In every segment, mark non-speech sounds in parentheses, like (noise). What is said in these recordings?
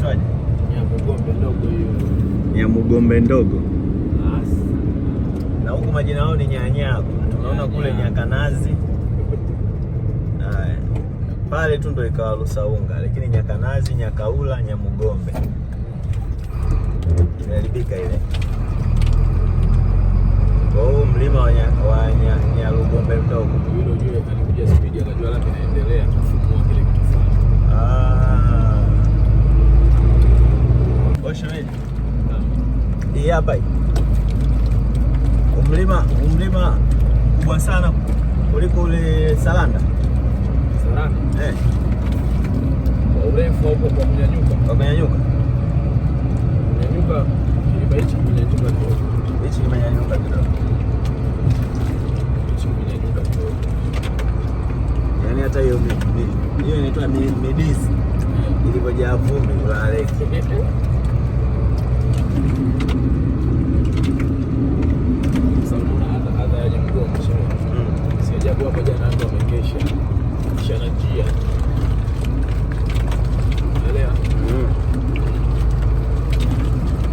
inaitwaje? Ya mugombe ndogo. Na huku majina yao ni nyanyago, tunaona kule nyakanazi (laughs) pale tu ndo ikawa Lusaunga, lakini nyakanazi, nyakaula, nyamugombe imeharibika ile. Kwa huu mlima wa Nyalugombe mdogo, yule yule alikuja spidi akajua labda inaendelea hapa umlima umlima kubwa sana kuliko ule Salanda eh. Hichi kimenyanyuka kidogo, yani hata hiyo hiyo inaitwa midisi ilivyojaa vumbi, ulaleke (laughs) ajabu hapo. Jana njia elewa, mm.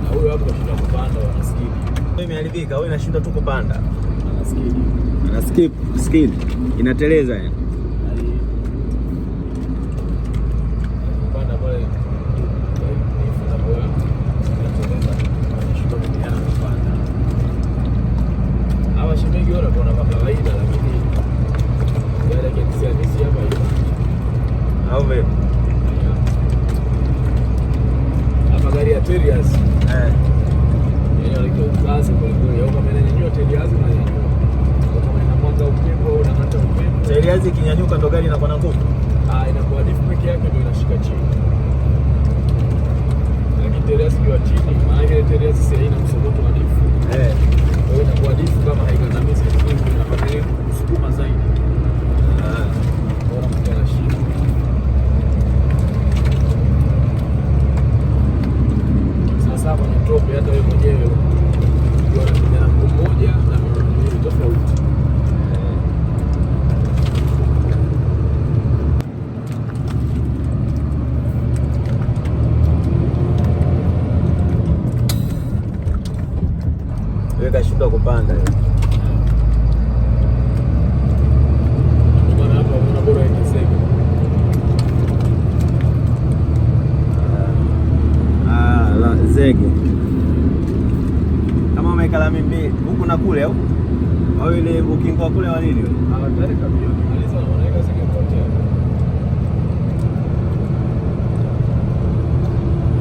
na huyo hapo kupanda, wanaskili imeharibika, wewe inashinda tu kupanda, anaskili inateleza yani ndo gari inakuwa na nguvu. Ah, inakuwa lift peke yake ndio inashika chini. Lakini terea sio ya chini, maana ile terea sisi haina msokoto wa lift. Eh. Kwa hiyo inakuwa lift kama haikandamizi, lakini inafanya kusukuma zaidi. Ah.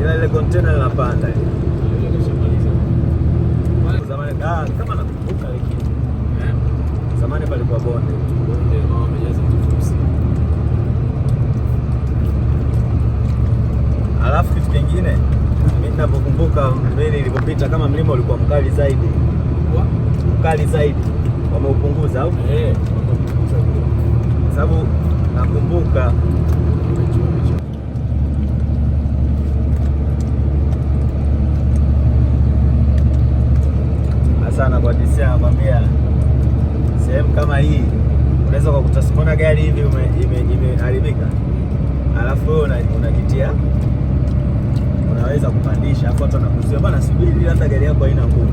ila ile kontena linapanda ah, kama nakumbuka, lakini eh, zamani palikuwa bonde alafu kitu kingine mimi ninavyokumbuka, mimi nilipopita kama mlima ulikuwa mkali zaidi, mkali zaidi wameupunguza au? Eh, kwa sababu nakumbuka sana kwa DC nakwambia sehemu kama hii unaweza ukakuta sikona gari hivi imeharibika, alafu wewe unajitia unaweza kupandisha, afu watu wanakuzia bana, subiri, hata gari yako haina nguvu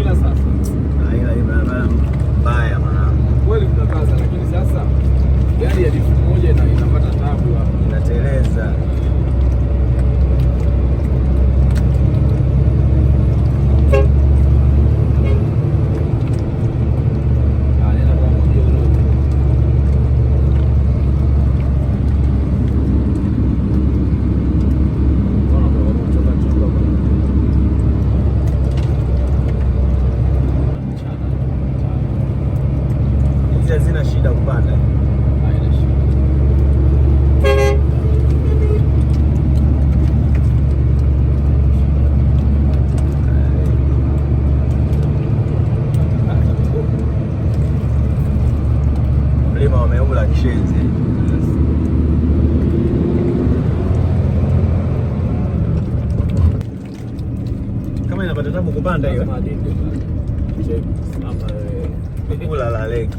ila sasa na ila mbaya mwanangu, kweli kuna lakini sasa gari yali hizi hazina shida kupanda. Mlima wameula Kama kupanda hiyo. Ulala eh? leki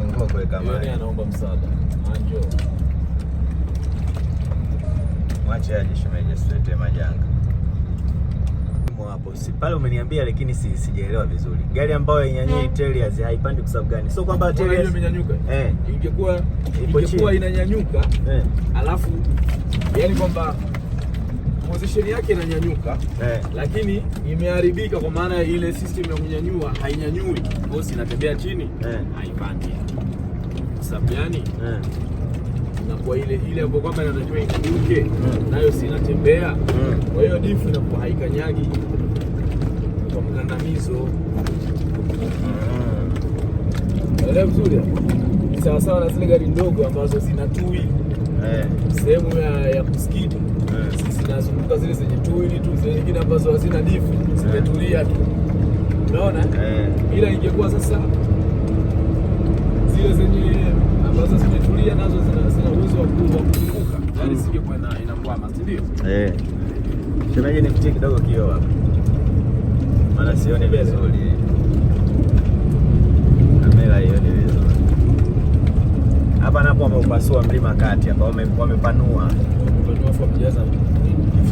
amezungua kuweka maji. Anaomba msaada. Anjo. Mwache aje shemeji, sitetee majanga hapo si pale umeniambia, lakini si sijaelewa vizuri. Gari ambayo inyanyui mm. teliers haipandi kwa sababu gani? So kwamba teliers imenyanyuka eh, ingekuwa ingekuwa inanyanyuka eh, alafu yani kwamba position yake inanyanyuka eh, lakini imeharibika kwa maana ile system ya kunyanyua hainyanyui, bosi inatembea chini eh, haipandi sababu yani eh, na kwa ile ile ambayo kwamba inatakiwa ikiuke eh, nayo si inatembea eh, kwa hiyo difu inakuwa haikanyagi kwa mkandamizo eh, vizuri sawasawa na zile gari ndogo ambazo zinatui eh, sehemu ya, ya kusikiti zinazunguka zile zenye tuili tu, zile nyingine ambazo hazina difu zimetulia tu, unaona. Eh. Ila ingekuwa sasa zile zenye ambazo zimetulia nazo zina uwezo wa kuzunguka, yani mm. na inakwama, si ndio? Eh, shemeji, nikutie kidogo kioo hapa, maana sioni vizuri kamera hiyo ni vizuri hapa napo, wameupasua mlima kati ambao wamepanua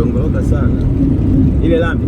imedongoroka sana ile lami